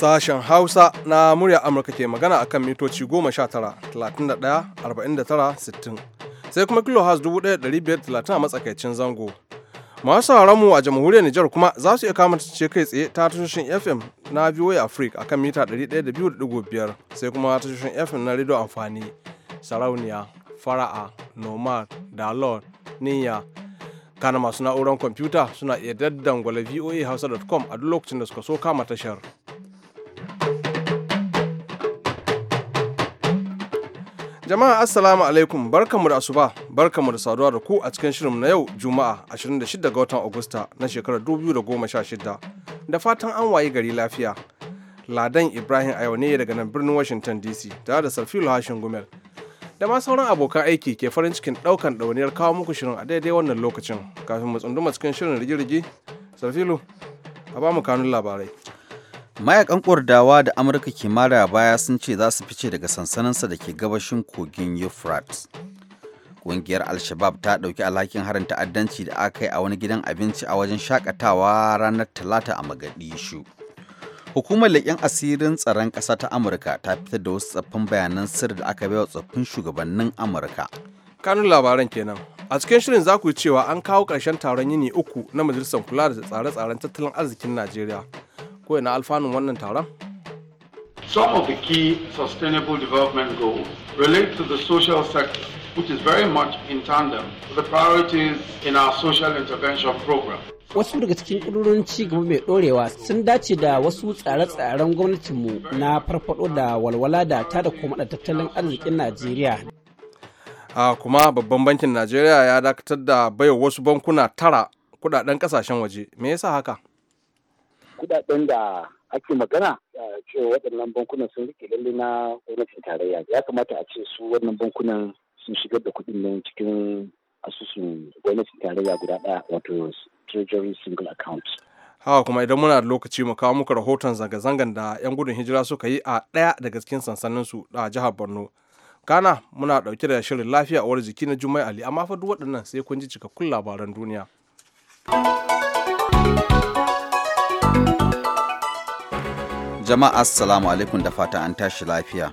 Sashen Hausa na murya Amurka ke magana a kan mitoci 19-31-49-60 sai kuma kilohaz 1530 a matsakaicin zango. Masu mu a jamhuriyar Nijar kuma za su iya kamata ce kai tsaye ta tashoshin FM na VOA Africa a kan mita 102.5 sai kuma tashoshin FM na Radio Amfani, Sarauniya, Fara'a, Nomad, Dalon, Niyya, kana masu na'urar kwamfuta suna iya daddangwala Hausa.com a duk lokacin da suka so kama tashar. Jama'a Assalamu alaikum mu da asuba mu da saduwa da ku a cikin shirin na yau Juma'a 26 ga watan Agusta na shekarar 2016 da fatan an wayi gari lafiya. Ladan Ibrahim a ne daga nan birnin Washington DC tare da Sarfilu Hashin Gumel. Da ma sauran abokan aiki ke farin cikin ɗaukan ɗauniyar kawo muku shirin a daidai wannan lokacin kafin mu tsunduma cikin shirin rigi-rigi, Sarfilu, a ba mu kanun labarai. mayakan kordawa da amurka ke mara baya sun ce za su fice daga sansaninsa da ke gabashin kogin euphrates ƙungiyar al-shabab ta dauki alhakin harin ta'addanci da aka yi a wani gidan abinci a wajen shakatawa ranar talata a magadishu hukumar leƙen asirin tsaron ƙasa ta amurka ta fitar da wasu tsaffin bayanan sirri da aka baiwa tsaffin shugabannin amurka kanun labaran kenan a cikin shirin za ku yi cewa an kawo ƙarshen taron yini uku na majalisar kula da tsare-tsaren tattalin arzikin najeriya ko ina alfanun wannan taron Some of the key sustainable development goals relate to the social sector, which is very much in tandem with the priorities in our social intervention program. wasu daga cikin ƙudurorin ci gaba mai ɗorewa sun dace da wasu tsare-tsaren gwamnatinmu na farfaɗo da walwala da ta da kuma tattalin arzikin najeriya a kuma babban bankin najeriya ya dakatar da baiwa wasu bankuna tara kudaden kasashen waje me yasa haka kudaden da ake magana cewa waɗannan bankunan sun rike lalle na gwamnatin tarayya ya kamata a ce su wannan bankunan sun shigar da kuɗin nan cikin asusun gwamnatin tarayya guda ɗaya wato treasury single account haka kuma idan muna da lokaci mu kawo muku rahoton zanga-zangan da 'yan gudun hijira suka yi a ɗaya daga cikin sansanin su a jihar borno kana muna ɗauke da shirin lafiya a jiki na jummai ali amma fa duk waɗannan sai kun ji cikakkun labaran duniya Jama'a assalamu alaikum da fata an tashi lafiya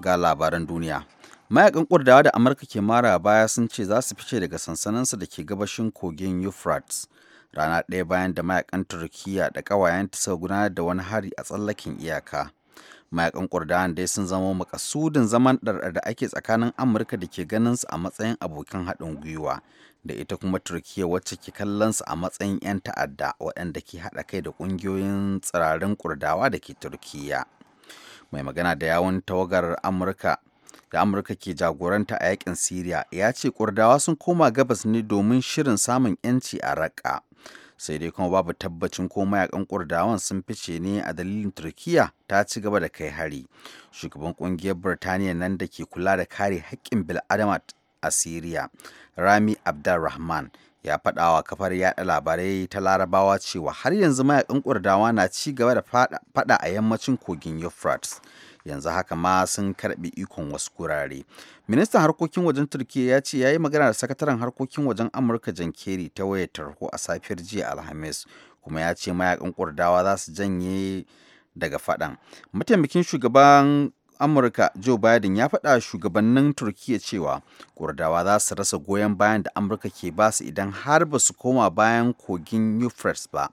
ga labaran duniya. Mayakan kurdawa da Amurka ke mara baya sun ce za su fice daga sansaninsu da ke gabashin kogin Euphrates rana ɗaya bayan da mayakan Turkiyya da ƙawayenta suka gudanar da wani hari a tsallakin iyaka. mayakan kurdawan dai sun zama makasudin zaman ɗarɗar da ake tsakanin amurka da ke ganin su a matsayin abokan haɗin gwiwa da ita kuma turkiyya wacce ke kallon su a matsayin 'yan ta'adda waɗanda ke haɗa kai da ƙungiyoyin tsirarin kurdawa da ke turkiyya. mai magana da yawon tawagar amurka da amurka ke jagoranta a yakin siriya ya ce kurdawa sun koma gabas ne domin shirin samun 'yanci a raƙa sai dai kuma babu tabbacin ko mayakan kurdawan sun fice ne a dalilin turkiya ta ci gaba da kai hari shugaban kungiyar birtaniya nan da ke kula da kare haƙƙin bil'adama a siriya rami abdulrahman ya faɗa wa kafar yaɗa labarai ta larabawa cewa har yanzu mayakan kurdawa na ci gaba da fada a yammacin kogin euphrates yanzu haka ma sun karɓi ikon wasu gurare ministan harkokin wajen turkiyya ya ce ya yi magana da sakataren harkokin wajen amurka jan kerry ta wayar tarho a safiyar jiya alhamis kuma ya ce mayakan kurdawa za su janye daga faɗan mataimakin shugaban amurka joe biden ya faɗa shugabannin turkiyya cewa kurdawa za su rasa goyon bayan da amurka ke ba su idan har ba su koma bayan kogin euphrates ba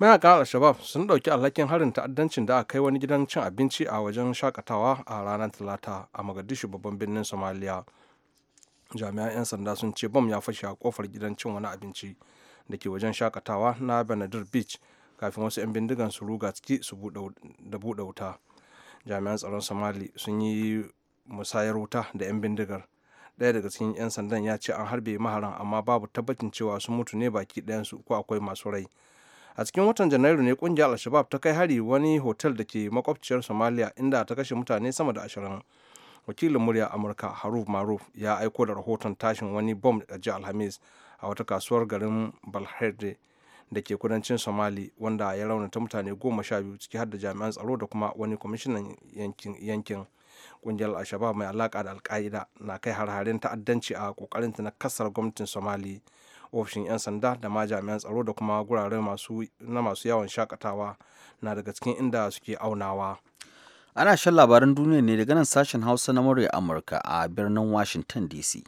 mayaka al-shabab sun ɗauki alhakin harin ta'addancin da aka kai wani gidan cin abinci a wajen shakatawa a ranar talata a mogadishu babban birnin somaliya jami'an 'yan sanda sun ce bom ya fashe a kofar gidan cin wani abinci da ke wajen shakatawa na benadir beach kafin wasu 'yan bindigan su ruga ciki su da buɗe wuta jami'an tsaron somali sun yi musayar wuta da 'yan bindigar ɗaya daga cikin 'yan sandan ya ce an harbe maharan amma babu tabbacin cewa sun mutu ne baki ɗayansu ko akwai masu rai a cikin watan janairu ne kungiyar al ta kai hari wani hotel da ke makwabciyar somalia inda ta kashe mutane sama da ashirin wakilin murya amurka haruf maruf ya aiko da rahoton tashin wani bom da ji alhamis a wata kasuwar garin balherde da ke kudancin somali wanda ya raunata mutane goma sha biyu ciki har da jami'an tsaro da kuma wani kwamishinan yankin kungiyar al mai alaka da alka'ida na kai har-harin ta'addanci a kokarin ta na kasar gwamnatin somali ofishin 'yan sanda da ma jami'an tsaro da kuma gurare na masu yawon shakatawa na daga cikin inda suke aunawa ana shan labaran duniya ne daga nan sashen hausa na murya amurka a birnin washington dc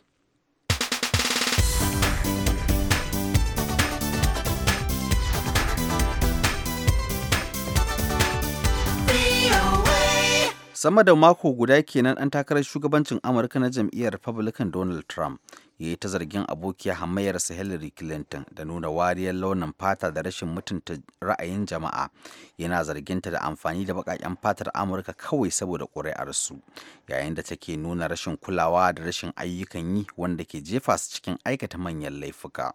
sama da mako guda kenan an takarar shugabancin amurka na jam'iyyar republican donald trump ya yi ta zargin abokiya hamayyarsa hillary clinton da nuna wariyar launin fata da rashin mutunta ra'ayin jama'a yana zarginta da amfani da baƙaƙen fatar amurka kawai saboda ƙuri'arsu yayin da take nuna rashin kulawa da rashin ayyukan yi wanda ke jefa su cikin aikata manyan laifuka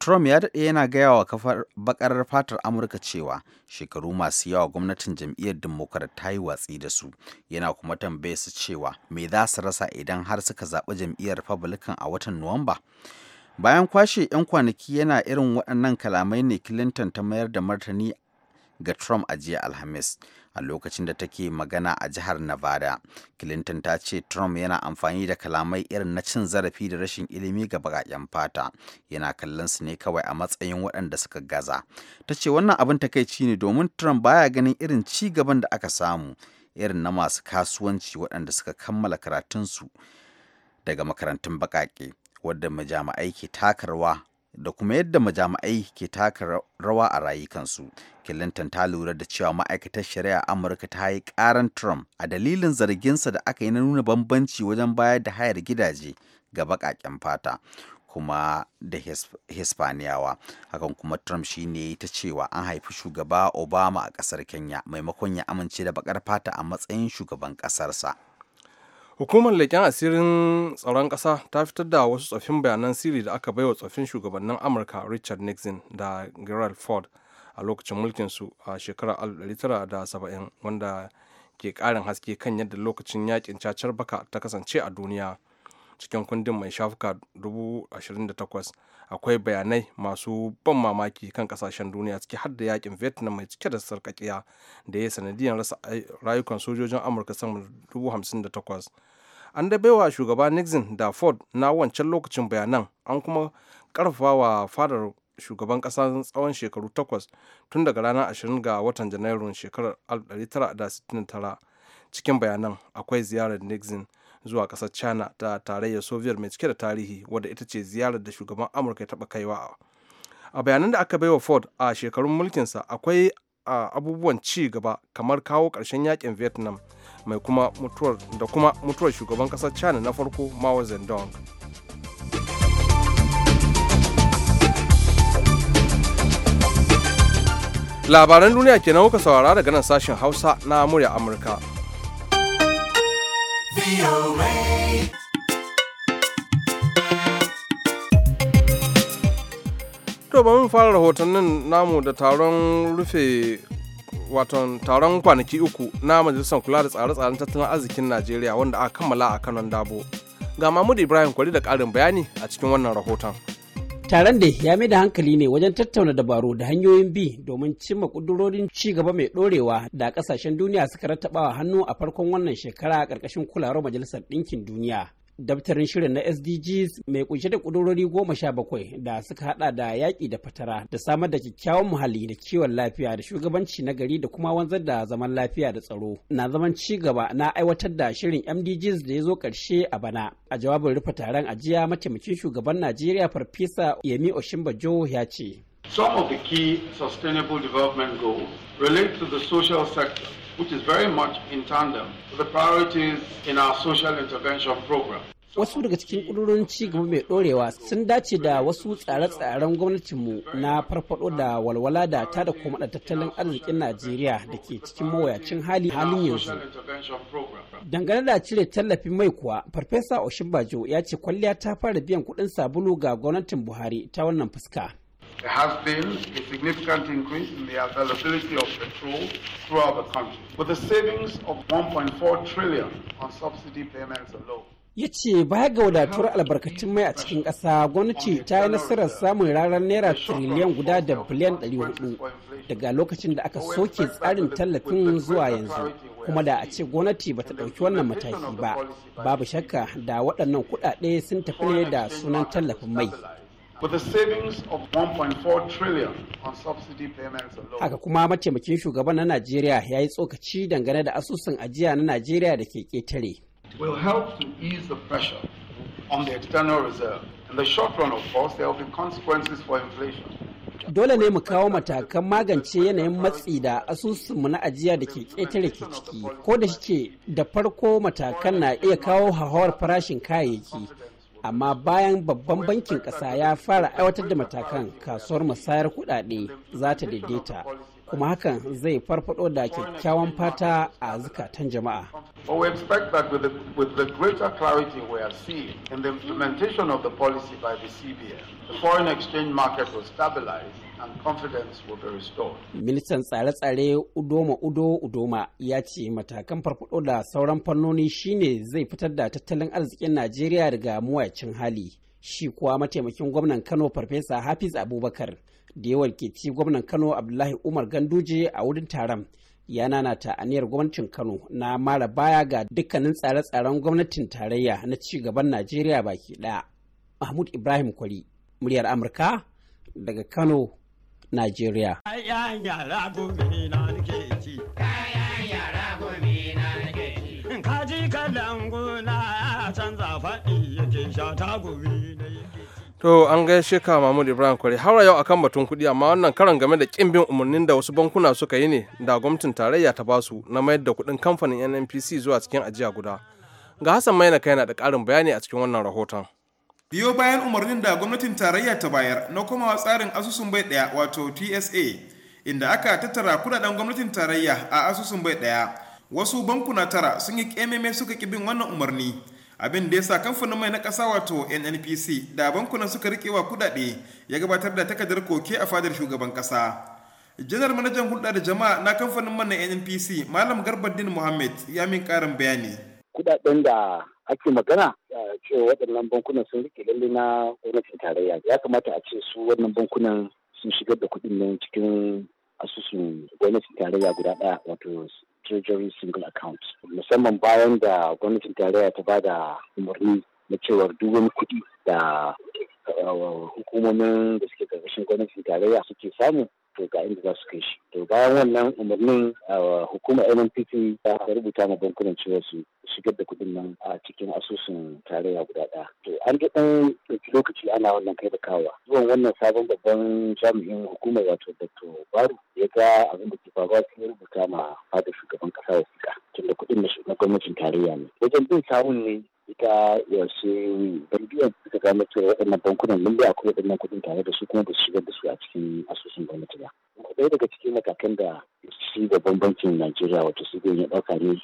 Trump ya daɗe yana gaya wa kafar bakar fatar Amurka cewa shekaru masu yawa gwamnatin jam'iyyar Democrat ta yi watsi da su, yana kuma tambaye su cewa me za su rasa idan har suka zaɓi jam'iyyar Republican a watan Nuwamba. Bayan kwashe 'yan kwanaki yana irin waɗannan kalamai ne Clinton ta mayar da martani ga Trump a jiya Alhamis. a lokacin da take magana a jihar Nevada. Clinton ta ce Trump yana amfani da kalamai irin na cin zarafi da rashin ilimi ga baƙaƙen fata, yana kallon su ne kawai a matsayin waɗanda suka gaza. Ta ce wannan abin takaici ne domin Trump baya ganin irin ci gaban da aka samu, irin na masu kasuwanci waɗanda suka kammala karatunsu daga makarantun baƙaƙe, wadda majami'ai ke takarwa da kuma yadda majami'ai ke taka rawa a rayukansu. Clinton ta lura da cewa ma'aikatar shari'a Amurka ta yi karan Trump a dalilin zarginsa da aka yi na nuna bambanci wajen bayar da hayar gidaje ga baƙaƙen fata kuma da Hispaniyawa. Hakan kuma Trump shi ne ta cewa an haifi shugaba Obama a kasar Kenya maimakon ya amince da bakar fata a matsayin shugaban ƙasarsa. hukumar leƙen asirin tsaron ƙasa ta fitar da wasu tsoffin bayanan sirri da aka baiwa tsoffin shugabannin amurka richard nixon da gerald ford a lokacin mulkinsu a shekarar 1970 wanda ke ƙarin haske kan yadda lokacin yakin cacar baka ta kasance a duniya cikin kundin mai shafuka 28 akwai bayanai masu ban mamaki kan kasashen duniya ciki har da yakin vietnam mai cike da sarkakiya da ya sanadiyar rasa rayukan sojojin amurka sama 58 an daɓewa shugaba nixon da ford na wancan lokacin bayanan an kuma karfafa wa fadar shugaban kasa tsawon shekaru takwas tun daga ranar 20 ga watan janairun shekarar 1969 cikin bayanan akwai ziyarar nixon zuwa ƙasar china ta tarayyar soviet mai cike da tarihi wadda ita ce ziyarar da shugaban amurka ya taɓa kaiwa a bayanan da aka baiwa ford a shekarun mulkinsa akwai abubuwan ci gaba kamar kawo karshen yakin vietnam mai kuma mutuwar da kuma mutuwar shugaban ƙasar china na farko mao zedong labaran duniya kenan kuka saurara daga nan sashen hausa na murya amurka To ba mun fara rahotannin namu da taron rufe waton taron kwanaki uku na majalisar kula da tsare-tsaren tattalin arzikin Najeriya wanda aka kammala a kanon dabo. Ga Mahmud Ibrahim kwari da ƙarin bayani a cikin wannan rahoton. Taron da ya mai da hankali ne wajen tattauna dabaru da hanyoyin bi domin cimma ƙudurorin ci gaba mai ɗorewa da ƙasashen duniya suka wa hannu a farkon wannan shekara a ƙarƙashin kulawar Majalisar Ɗinkin Duniya. daftarin shirin na sdgs mai kunshe da kudurori goma sha bakwai da suka hada da yaƙi da fatara da samar da kyakkyawan muhalli da kiwon lafiya da shugabanci na gari da kuma wanzar da zaman lafiya da tsaro na zaman ci gaba na aiwatar da shirin mdgs da ya zo ƙarshe a bana a jawabin rufe taron ajiya mataimakin shugaban najeriya farfesa yemi oshimbajo ya ce Some of the key sustainable development goals relate to the social sector which is very much in tandem with the priorities in our social intervention program. Wasu daga cikin ƙudurorin gaba mai ɗorewa sun dace da wasu tsare-tsaren gwamnatinmu na farfaɗo da walwala da ta da kuma tattalin arzikin Najeriya da ke cikin mawuyacin hali halin yanzu. Dangane da cire tallafin mai kuwa, Farfesa Bajo ya ce kwalliya ta fara biyan kuɗin sabulu ga gwamnatin Buhari ta wannan fuska. There has been a significant increase in the availability of petrol throughout the country, with the savings of 1.4 trillion on subsidy payments alone. ya ce baya ga wadatuwar albarkatun mai a cikin ƙasa gwamnati ta yi nasarar samun ranar naira tiriliyan guda da biliyan 400 daga lokacin da aka soke tsarin tallafin zuwa yanzu kuma da a ce gwamnati ba ta ɗauki wannan mataki ba babu shakka da waɗannan kuɗaɗe sun tafi ne da sunan tallafin mai with a savings of 1.4 trillion on subsidy payments alone. Haka kuma mataimakin shugaban na Najeriya ya yi tsokaci dangane da asusun ajiya na Najeriya da ke ketare. Will help to ease the pressure on the external reserve. In the short run, of course, there will be consequences for inflation. Dole ne mu kawo matakan magance yanayin matsi da asusunmu na ajiya da ke ketare ke ciki, ko da shike da farko matakan na iya kawo hauhawar farashin kayayyaki, amma bayan babban bankin ƙasa ya fara aiwatar da matakan kasuwar musayar kuɗaɗe za ta daidaita kuma hakan zai farfado da kyakkyawan fata a zukatan jama'a. with the, clarity we are seeing implementation of the policy by the the foreign exchange market will stabilize Ministan tsare-tsare Udoma Udo Udoma ya ce matakan farfado da sauran fannoni shine zai fitar da tattalin arzikin Najeriya daga mawacin hali. Shi kuwa mataimakin gwamnan Kano Farfesa Hafiz Abubakar da yawan keci gwamnan kano abdullahi umar ganduje a wurin taron ya nanata aniyar gwamnatin kano na mara baya ga dukkanin tsare-tsaren gwamnatin tarayya na ci gaban najeriya baki ɗaya mahmud ibrahim kwari muryar amurka daga kano najeriya Kaji na canza faɗi yake sha ta gobe. To an gaishe ka Mahmud Ibrahim Kwari haura yau akan batun kuɗi amma wannan karan game da kin bin umarnin da wasu bankuna suka yi ne da gwamnatin tarayya ta basu na mayar da kuɗin kamfanin NNPC zuwa cikin ajiya guda. Ga Hassan Maina kai na da ƙarin bayani a cikin wannan rahoton. Biyo bayan umarnin da gwamnatin tarayya ta bayar na kuma tsarin asusun bai ɗaya wato TSA inda aka tattara kuɗaɗen gwamnatin tarayya a asusun bai ɗaya wasu bankuna tara sun yi ƙememe suka ƙi bin wannan umarni. abin da ya sa kamfanin mai na ƙasa wato nnpc da bankunan suka rike wa kudade ya gabatar da takardar koke a fadar shugaban ƙasa janar manajan hulɗa da jama'a na kamfanin man na nnpc malam garbaddin muhammad ya min ƙarin bayani kudaden da ake magana cewa waɗannan bankunan sun rike lalle na gwamnatin tarayya ya kamata a ce su wannan bankunan sun shigar da kuɗin nan cikin asusun gwamnatin tarayya guda ɗaya wato Treasury Single Account. Musamman bayan da gwamnatin tarayya ta ba da umarni na cewar duk kuɗi da eh, hukumomin da suke ƙarƙashin gwamnatin tarayya suke samu to ga inda za su kai shi to bayan wannan umarnin hukumar nnpp ta rubuta ma bankunan cewa su shigar da kuɗin nan a cikin asusun tarayya guda ɗaya to an ga ɗan lokaci ana wannan kai da kawa zuwan wannan sabon babban jami'in hukumar wato dr baru ya ga abin da ke faruwa Ya rubuta ma fadar shugaban ƙasa wasiƙa tunda kuɗin na gwamnatin tarayya ne wajen bin sawun ne ita yaushe bandiyan suka gano cewa waɗannan bankunan lalle akwai waɗannan kuɗin tare da su kuma ba su shigar da su a cikin asusun gwamnati ba. Ɗaya daga cikin matakan da shi gaban bankin Najeriya wato su ya ɗauka ne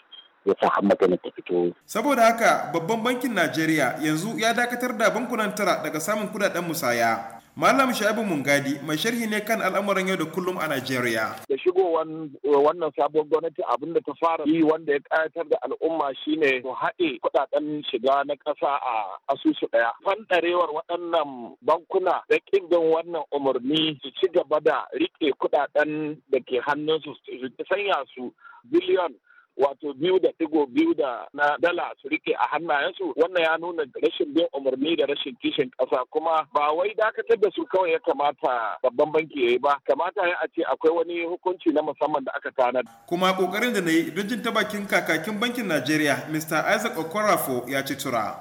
ya sa har maganar ta fito. Saboda haka babban bankin Najeriya yanzu ya dakatar da bankunan tara daga samun kuɗaɗen musaya. Malam Shaibu Mungadi mai sharhi ne kan al'amuran yau da kullum a Najeriya. Da shigowar eh, wannan sabon gwamnati abin da ta fara yi wanda ya kayatar da al'umma shine ne haɗe kuɗaɗen shiga na ƙasa a asusu ɗaya. Fandarewar waɗannan bankuna da ƙimbin wannan umarni su ci gaba da riƙe kuɗaɗen da ke hannunsu su sanya su biliyon wato biyu da digo biyu da na dala su rike a hannayensu wannan ya nuna rashin bin umarni da rashin kishin ƙasa kuma ba wai dakatar da su kawai ya kamata babban banki ya yi ba kamata ya a ce akwai wani hukunci na musamman da aka tanar. kuma kokarin da na yi don jin ta bakin kakakin bankin najeriya mr isaac okorafo ya ci tura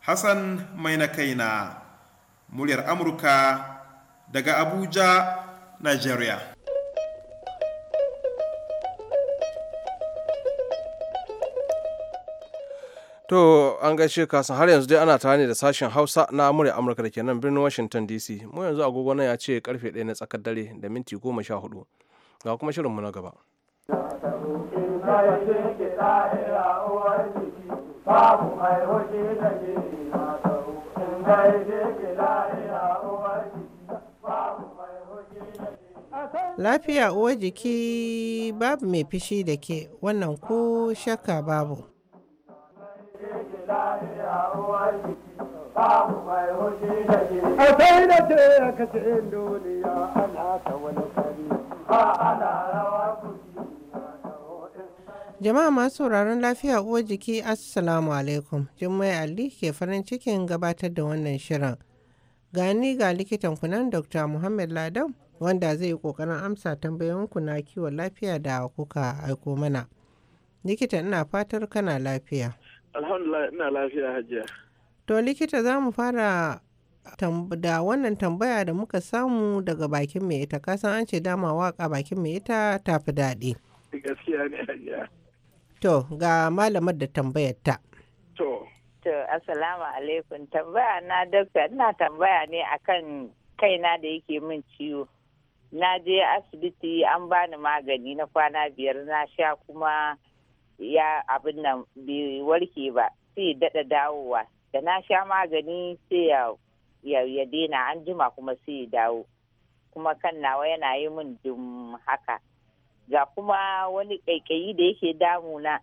hassan mai na kaina muryar amurka daga abuja najeriya To an gaishe kasan har yanzu dai ana tare ne da sashen Hausa na murya Amurka da ke nan birnin Washington DC. Mu yanzu agogo nan ya ce karfe 1 na tsakar dare da minti 14. Ga kuma shirinmu na gaba. Lafiya uwar jiki babu mai fishi da ke wannan ko shakka babu. Jama'a masu sauraron lafiya uwa jiki Assalamu alaikum. Jummai Ali ke farin cikin gabatar da wannan shirin. Gani ga likitan kunan Dr. Muhammad Ladan wanda zai yi kokarin amsa tambayoyinku na kiwon lafiya da kuka aiko mana. Likita ina fatar kana lafiya. Alhamdulillah ina lafiya hajiya. To likita za mu fara da wannan tambaya da muka samu daga bakin mai ita kasan an ce dama waka bakin mai ita ta fi daɗi. Gaskiya ne hajiya. To ga malamar da tambayar ta. To. To assalamu alaikum tambaya na dokta ina tambaya ne akan kaina da yake min ciwo. Na je asibiti an bani magani na kwana biyar na sha kuma ya abin nan bai warke ba sai daɗa dawowa da na sha magani sai ya daina an jima kuma sai ya dawo kuma kan nawa yana yi min dum haka ga kuma wani ƙaiƙayi da yake damu na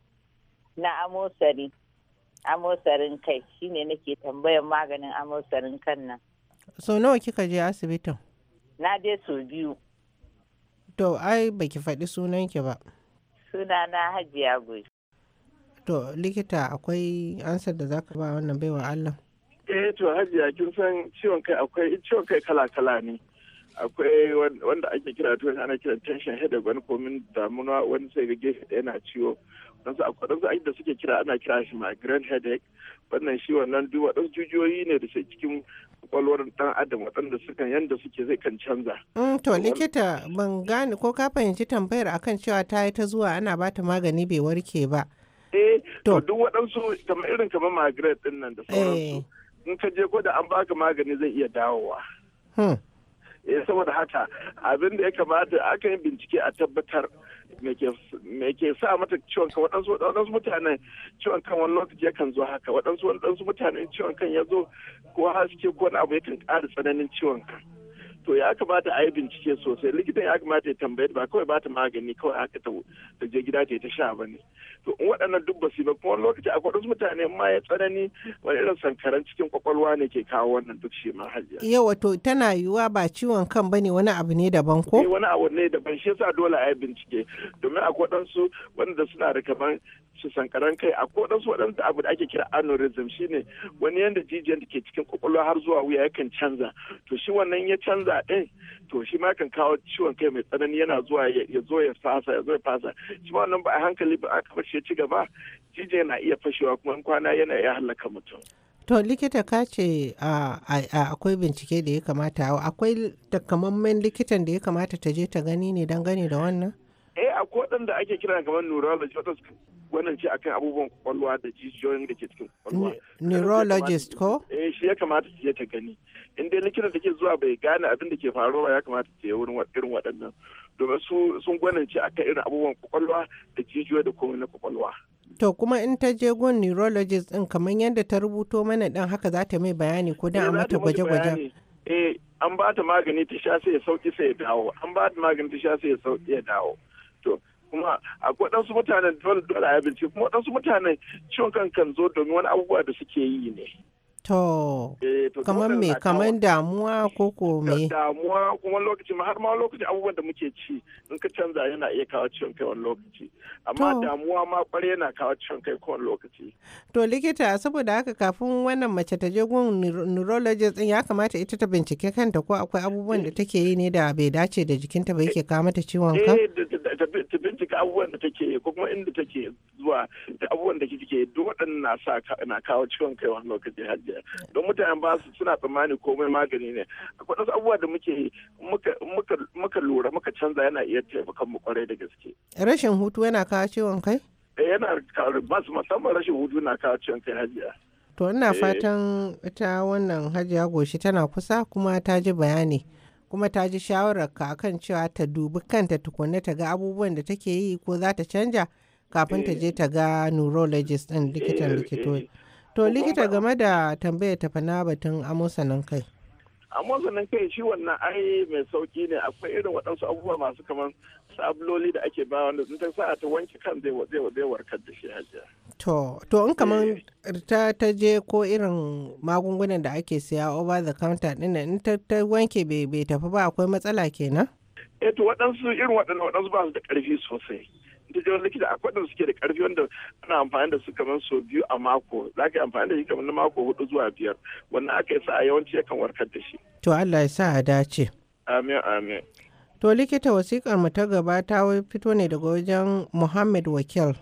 amosari amosarin kai shine nake tambayar maganin amosarin kan nan so nawa kika je asibitin na je sau biyu to ai baki faɗi sunan ki ba suna na hajiya goyi to likita akwai ansar da zaka ba wannan baiwa allah eh to hajiya kin san ciwon kai akwai ciwon kai kala kala ne akwai wanda ake kira to ana kira tension headache wani komin damuwa wani sai ga gefe da na ciwo wasu akwai wasu da suke kira ana kira shi migraine headache wannan shi wannan duk waɗansu jujiyoyi ne da ke cikin kwakwalwar dan adam waɗanda suka yanda suke zai kan canza. Mm, to likita ban gane ko ka fahimci tambayar akan cewa ta yi ta zuwa ana ba ta magani bai warke ba. eh to duk waɗansu kamar irin kamar magret ɗin nan da eh. sauransu in ka je ko da an baka magani zai iya dawowa. Hmm. Eh, saboda haka abin da ya kamata aka yi bincike a tabbatar me ke sa mata ciwon kan waɗansu waɗansu mutanen ciwon kan wani lokaci yakan zo haka waɗansu waɗansu mutanen ciwon kan ya zo ko haske ko abu abu kan ƙara tsananin ciwon kan to ya kamata a yi bincike sosai likitan ya kamata ya tambaye ba kawai ba ta magani kawai haka ta je gida ta sha ba ne to in waɗannan duk basu ba kuma lokaci akwai wasu mutane ma ya tsanani wani irin sankaran cikin kwakwalwa ne ke kawo wannan duk shi ma hajiya yawa to tana yiwuwa ba ciwon kan ba ne wani abu ne daban ko eh, wani abu ne daban shi yasa dole a yi bincike domin akwai waɗansu wanda suna da kaman shi sankaran kai a kodan su da abu da ake kira aneurysm shine wani yanda jijiyar da ke cikin kwakwalwa har zuwa wuya yakan canza to shi wannan ya canza din to shi ma kan kawo ciwon kai mai tsanani yana zuwa ya zo ya fasa ya zo ya fasa shi ma wannan ba a hankali ba aka bar shi ya ci gaba jijiyar na iya fashewa kuma in kwana yana ya halaka mutum. To likita ka ce akwai bincike da ya kamata akwai takamammen likitan da ya kamata ta je ta gani ne don gani da wannan? eh akwai waɗanda ake kira kamar neurology wata ce akan abubuwan kwakwalwa da jijiyoyin da ke cikin kwakwalwa. Neurologist ko? Eh shi ya kamata ta je ta gani. In dai likita take zuwa bai gane abin da ke faruwa ya kamata ta je wurin irin waɗannan. Domin su sun gwanance akan irin abubuwan kwakwalwa da jijiyoyi da komai na kwakwalwa. To kuma in ta je gun neurologist din kamar yadda ta rubuto mana dan haka za ta mai bayani ko dan a eh, mata gwaje-gwaje. Eh an ba ta magani ta sha sai ya sauki sai ya dawo. An ba ta magani ta sha sai ya sauki ya dawo. To kuma akwai waɗansu mutanen dole dole a bincike kuma waɗansu mutanen ciwon kan kan zo domin wani abubuwa da suke yi ne. To, eh, kamar me kamar damuwa ko ko me? Damuwa kuma lokaci ma har ma lokaci abubuwan da muke ci in ka canza yana iya kawo ciwon kai wani lokaci. Amma damuwa ma kwarai yana kawo ciwon kai kowane lokaci. To likita saboda haka kafin wannan mace ta je gun neurologist ya kamata ita ta bincike kanta ko akwai abubuwan da take yi ne da bai dace da jikinta ba yake kawo mata ciwon kai. Eh, ta bincika abubuwan da take ko kuma inda take zuwa da abubuwan da take duk waɗannan na sa na kawo ciwon kai wani lokaci hajji don mutane ba su suna tsammani komai magani ne akwai wasu abubuwa da muke muka lura muka canza yana iya taimakon mu kwarai da gaske rashin hutu yana kawo ciwon kai eh, yana kawo masu musamman rashin hutu na kawo ciwon kai hajji. to ina eh. fatan ita wannan hajiya goshi tana kusa kuma ta ji bayani kuma ta ji shawararka kan cewa ta dubi kanta tukunna ta ga abubuwan da take yi ko za ta canja kafin ta je ta ga neurologist ɗin likitan likito To likita game da tambayar ta fana batun amosanin kai. Amosanin kai shi wannan ai mai sauki ne akwai irin waɗansu abubuwa masu kamar sabloli da ake bawa, wanda sun ta sa'a ta wanke kan zai warkar da shi hajiya to to in kaman eh. ta ta je ko irin magungunan da ake siya over the counter din in ta ta wanke bai tafi ba akwai matsala kenan eh to waɗansu irin waɗannan waɗansu ba su da ƙarfi sosai da jiran likita akwai suke da ƙarfi wanda ana amfani da su kamar sau biyu a mako za ka yi amfani da shi kamar na mako hudu zuwa biyar wannan aka yi sa'a yawanci yakan warkar da shi to Allah ya sa a dace amin amin To likita wasikar mu ta gaba ta fito ne daga wajen Muhammad Wakil.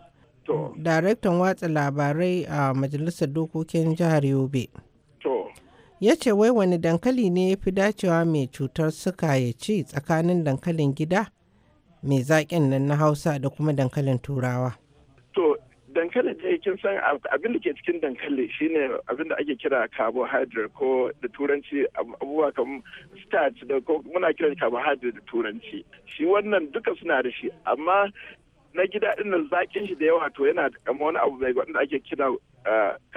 Daraktan watsa labarai a Majalisar Dokokin Jihar Yobe. Ya ce wai wani dankali ne ya fi dacewa mai cutar suka ya ci tsakanin dankalin gida mai zaƙin nan na Hausa da kuma dankalin Turawa. To, dankali dai kin san abin da ke cikin dankali shine abin da ake kira carbohydrate ko da turanci abubuwa kan starch da ko muna kiran carbohydrate da turanci shi wannan duka suna da shi amma na gida din nan zakin shi da yawa to yana kama wani abu mai wanda ake kira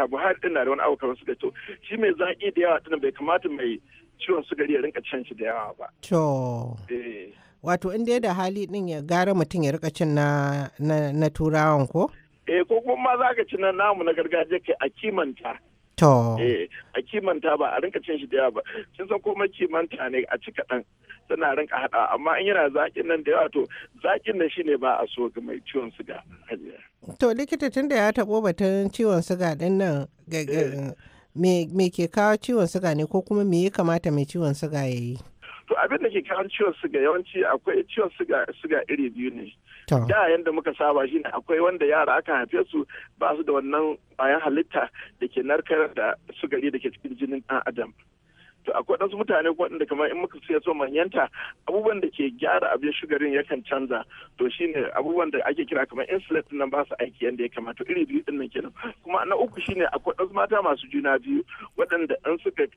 carbohydrate din na da wani abu kamar suka to shi mai zaki da yawa din bai kamata mai ciwon sugari ya rinka cin shi da yawa ba to eh. wato in dai da hali din ya gara mutum ya rika cin na na turawan ko eh ko kuma ma za ci na namu na gargajiya kai a kimanta to eh a kimanta ba a rinka cin shi da yawa ba kin san komai kimanta ne a ci kaɗan tana rinka haɗa amma in yana zaƙin nan da yawa to zaƙin nan shine ba a so ga mai ciwon suga to likita tun ya tabo batun ciwon suga din nan eh. me ke kawo ciwon suga ne ko kuma me ya kamata mai ciwon suga ya yi to abin da ke kawo ciwon suga yawanci akwai ciwon suga iri biyu ne da yanda muka saba shine akwai wanda yara aka haife su ba su da wannan bayan halitta da ke narkar da sugari da ke cikin jinin ɗan adam to akwai ɗansu mutane waɗanda kamar in muka siya so manyanta abubuwan da ke gyara abin shugarin yakan canza to shine abubuwan da ake kira kamar insulin nan ba su aiki yadda ya kamata iri biyu din nan kenan kuma na uku shine akwai ɗansu mata masu juna biyu waɗanda in suka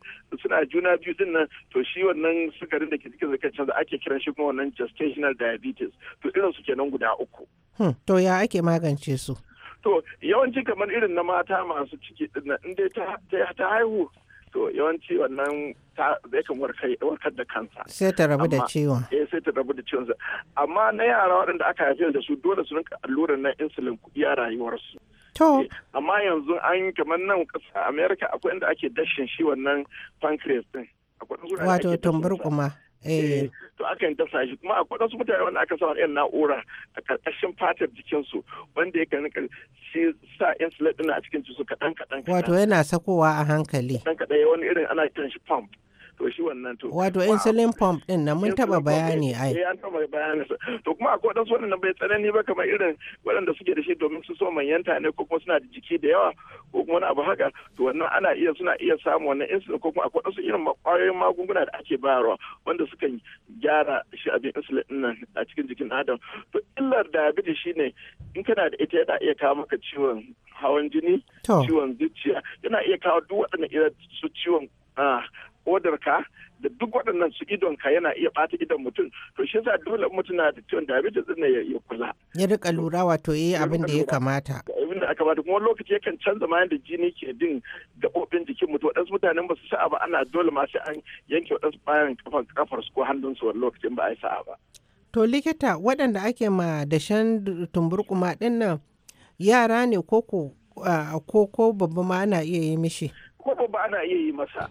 suna juna biyu din nan to shi wannan sukarin da ke cikin zaka canza ake kiran shi kuma wannan gestational diabetes to irin su kenan guda uku. Hmm, to ya ake magance su. to yawanci kamar irin na mata masu ciki ɗin nan in dai ta haihu to yawanci wannan ta zai warkar da kansa sai ta rabu da ciwon eh sai ta rabu da ciwon amma na yara waɗanda aka haifi da su dole su rinka allurar na insulin iya rayuwarsu To. Eh, amma yanzu an kamar nan ƙasa Amerika akwai inda ake dashin shi wannan pancreas din. akwai Wato tumbur kuma. Eh. Eh, to yi dasa shi kuma akwai wasu mutane wanda aka sama yan na'ura a karkashin fatar jikinsu wanda ya kan shi sa yan silat a cikin su kaɗan kaɗan wato yana sakowa a hankali kaɗan kaɗan wani irin ana kiran shi pump nan to wato insulin pump din na mun taba bayani ai eh an taba bayani to kuma akwai wadansu na bai tsanani ba kamar irin waɗanda suke da shi domin su so manyanta ne ko kuma suna da jiki da yawa ko kuma wani abu haka to wannan ana iya suna iya samun wannan insulin ko kuma akwai wadansu irin kwayoyin magunguna da ake bayarwa wanda suka gyara shi abin insulin din nan a cikin jikin adam to illar diabetes shine in kana da ita yana iya kawo maka ciwon hawan jini ciwon zuciya yana iya kawo duk waɗannan irin su ciwon ah, ka da duk waɗannan su ka yana iya ɓata idon mutum to shi yasa dole mutum na da ciwon diabetes din ya kula ya rika lura wato eh, yayi abin da ya kamata abin da aka kuma lokaci yakan canza ma yanda jini ke din da gaɓoɓin jikin mutum waɗansu mutanen ba su sa'a ba ana dole ma sai an yanke waɗansu bayan kafar kafar su ko hannun su wani lokacin ba a yi sa'a ba to likita waɗanda ake ma dashen tumburkuma ɗin nan yara ne koko ko ko babba ma ana iya yi mishi ko babba ana iya yi masa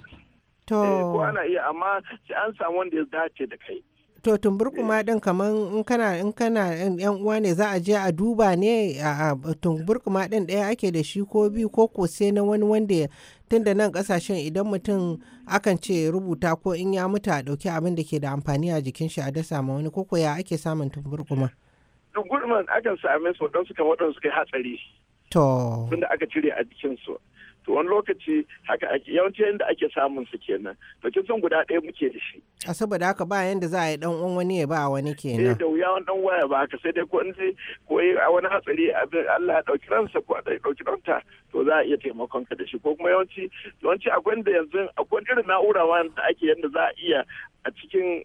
Eh, ko ana iya amma sai an samu wanda ya dace da kai to tumburkuma din eh. kamar in kana in kana yan uwa ne za a je a duba ne a tumburkuma din ɗaya ake da shi ko biyu ko ko sai na wani wanda tun da nan kasashen idan mutum akan ce rubuta ko in ya mutu a ɗauki abin da ke da amfani a jikin shi a dasa ma wani ko ya ake samun tumburkuma tumburkuman akan same su waɗansu kan waɗansu kai hatsari to tunda aka cire a jikin su to wani lokaci haka ake yawanci yadda ake samun su kenan to kin san guda ɗaya muke da shi a saboda haka ba yanda za a yi dan uwan wani ya ba wani kenan eh, da wuya wani dan waya ba haka sai dai ko inji ko a wani hatsari Allah ya dauki ransa ko a dauki ranta to za a iya taimakon ka da shi ko kuma yawanci yawanci akwai da yanzu akwai irin na'ura wanda ake yadda za a iya a cikin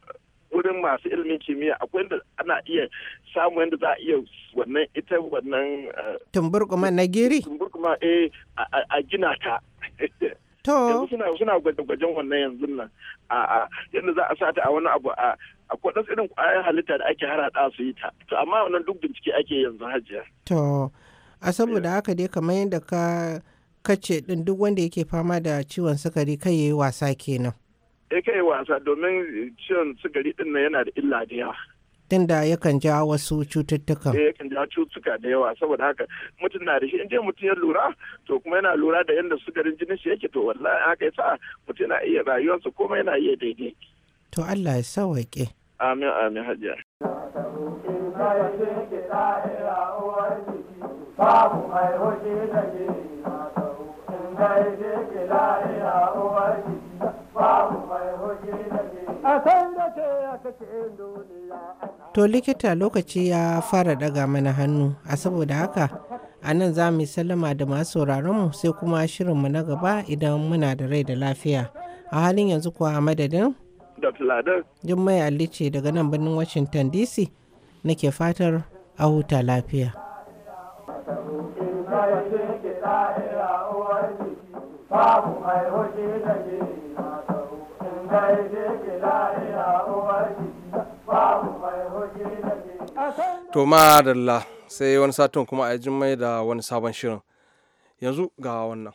wurin masu ilimin kimiyya akwai da ana iya samu yadda za a iya wannan ita wannan eh, tumburkuman na giri kuma eh a gina ta to suna suna gwajen wannan yanzu nan a yadda za a sa ta a wani abu a a ɗansu irin kwayar halitta da ake harada su yi ta to amma wannan duk bincike ake yanzu hajiya to a saboda haka dai kamar yadda ka kace din duk wanda yake fama da ciwon sukari kai yayi wasa kenan eh kai wasa domin ciwon sukari din nan yana da illa da yawa tunda yakan ja wasu cututtukan. Eh yakan ja cututtuka da yawa saboda haka mutum na da shi in je mutum ya lura to kuma yana lura da yadda sukarin jinin shi yake to wallahi haka yasa mutum yana iya rayuwarsa kuma yana iya daidai. To Allah ya sawaƙe. Amin amin hajiya. mai hoji da ke mai hoji da ke a san da ke aka ce duniya To likita lokaci ya fara daga mana hannu, a saboda haka a nan za mu sallama da masu sauraronmu sai kuma shirinmu na gaba idan muna da rai da lafiya. A halin yanzu kuwa a madadin? Dr. Jummai daga nan birnin Washington DC nake fatar a huta lafiya. Babu mai hoji da ke in dai ke la'ira uwarki to madalla sai wani satin kuma a yi da wani sabon shirin yanzu ga wannan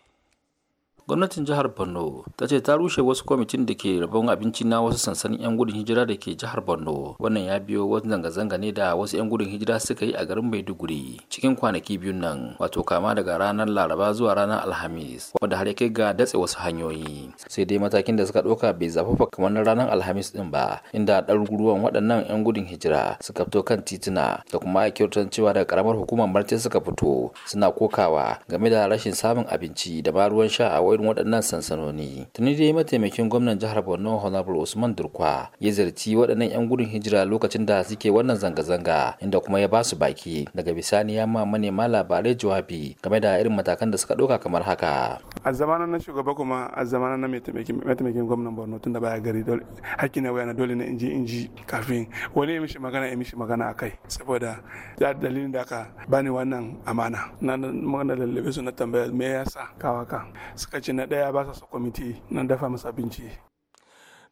gwamnatin jihar borno ta ce ta rushe wasu kwamitin da ke rabon abinci na wasu sansanin 'yan gudun hijira da ke jihar borno wannan ya biyo wasu zanga-zanga ne da wasu 'yan gudun hijira suka yi a garin maiduguri cikin kwanaki biyun nan wato kama daga ranar laraba zuwa ranar alhamis wanda har ya kai ga datse wasu hanyoyi sai dai matakin da suka ɗauka bai zafafa kamar na ranar alhamis din ba inda ɗaruruwan waɗannan 'yan gudun hijira suka fito kan tituna da kuma kyautar cewa daga karamar hukumar martin suka fito suna kokawa game da rashin samun abinci da ma ruwan sha a irin waɗannan sansanoni tuni dai mataimakin gwamnan jihar borno honorable usman durkwa ya zarci waɗannan 'yan gudun hijira lokacin da suke wannan zanga-zanga inda kuma ya ba su baki daga bisani ya ma manema labarai jawabi game da irin matakan da suka ɗauka kamar haka a zamanin na shugaba kuma a zamanin na mataimakin gwamnan borno tun da baya gari dole hakki na wayana dole na inji inji kafin wani ya mishi magana ya mishi magana a kai saboda ya dalilin da aka bani wannan amana na magana lallabe su na tambaya me yasa kawaka suka ce na ɗaya ba sa kwamiti na dafa masa abinci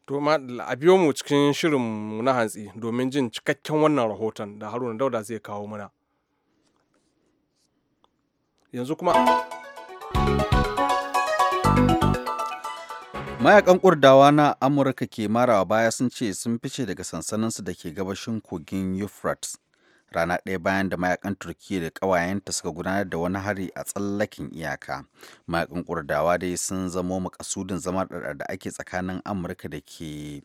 to a biyo mu cikin shirin na hantsi domin jin cikakken wannan rahoton da haruna dauda zai kawo mana yanzu kuma mayakan kurdawa na amurka ke marawa baya sun ce sun fice daga sansaninsu da ke gabashin kogin euphrates rana ɗaya bayan da mayakan turkiyya da ƙawayenta suka gudanar da wani hari a tsallakin iyaka mayakan kurdawa dai sun zamo makasudin zama da ake tsakanin amurka da ke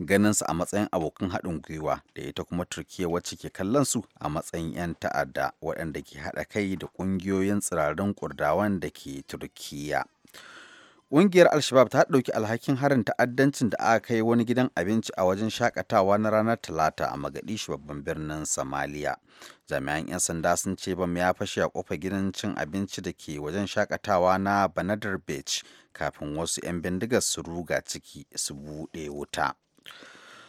ganin su a matsayin abokan haɗin gwiwa da ita kuma turkiyya wacce ke kallon su a matsayin 'yan ta'adda waɗanda ke haɗa kai da ƙungiyoyin tsirarin kurdawan da ke turkiyya. Ƙungiyar Al-Shabab ta ɗauki alhakin harin ta'addancin da aka kai wani gidan abinci a wajen shakatawa na ranar Talata a Magadishu babban birnin Samaliya Jami'an 'yan sanda sun ce bam ya fashe a kofa gidan cin abinci da ke wajen shakatawa na Banadar Beach kafin wasu 'yan bindigar su ruga ciki su buɗe wuta.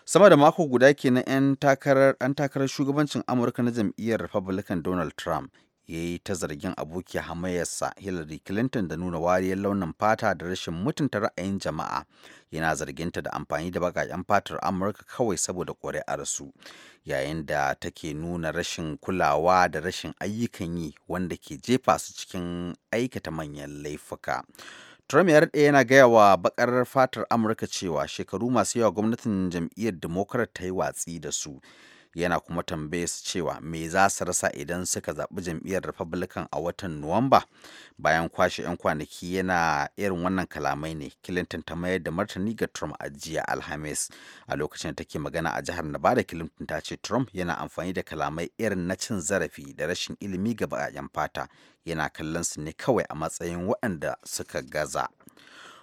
sama da mako guda kenan 'yan takarar shugabancin amurka na jam'iyyar republican donald trump ya yi ta zargin aboki hamayarsa Hillary Clinton da nuna wariyar launin fata da rashin mutunta ra'ayin jama'a yana zarginta da amfani da bagajen fatar Amurka kawai saboda ƙuri'arsu yayin da take nuna rashin kulawa da rashin ayyukan yi wanda ke jefa su cikin aikata manyan laifuka. Trump ya rade yana gaya wa bakar fatar Amurka cewa shekaru masu yawa gwamnatin jam'iyyar Democrat ta yi watsi da su yana kuma tambaye su cewa me za su rasa idan suka zaɓi jam'iyyar republican a watan nuwamba bayan kwashe 'yan kwanaki yana irin wannan kalamai ne clinton ta mayar da martani ga trump a jiya alhamis a lokacin da take magana a jihar nevada clinton ta ce trump yana amfani da kalamai irin na cin zarafi da rashin ilimi ga 'yan fata yana kallon su ne kawai a matsayin waɗanda suka gaza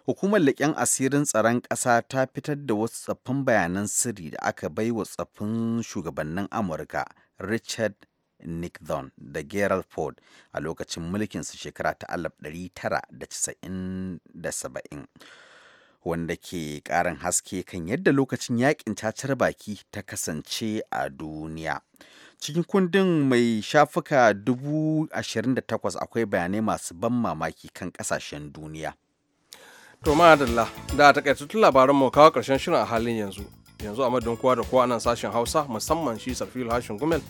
Hukumar laƙen asirin tsaron ƙasa ta fitar da wasu tsaffin bayanan sirri da aka bai wa tsaffin shugabannin Amurka Richard Nixon da Gerald Ford a lokacin mulkinsu shekara ta 1970. wanda ke karin haske kan yadda lokacin yakin cacar baki ta kasance a duniya cikin kundin mai shafuka 28 akwai bayanai masu ban mamaki kan ƙasashen duniya To ma da ta tutun labaran mu kawo karshen shirin a halin yanzu. Yanzu a madadin kowa da kowa nan sashen Hausa musamman shi Safiul Hashim Gumel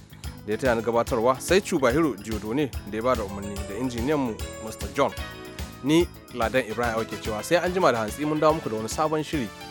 da ya taya ni gabatarwa sai Cubahiro ne da ya ba da umarni da injiniyan mu Mr. John. Ni Ladan Ibrahim Auke cewa sai an jima da hantsi mun dawo muku da wani sabon shiri.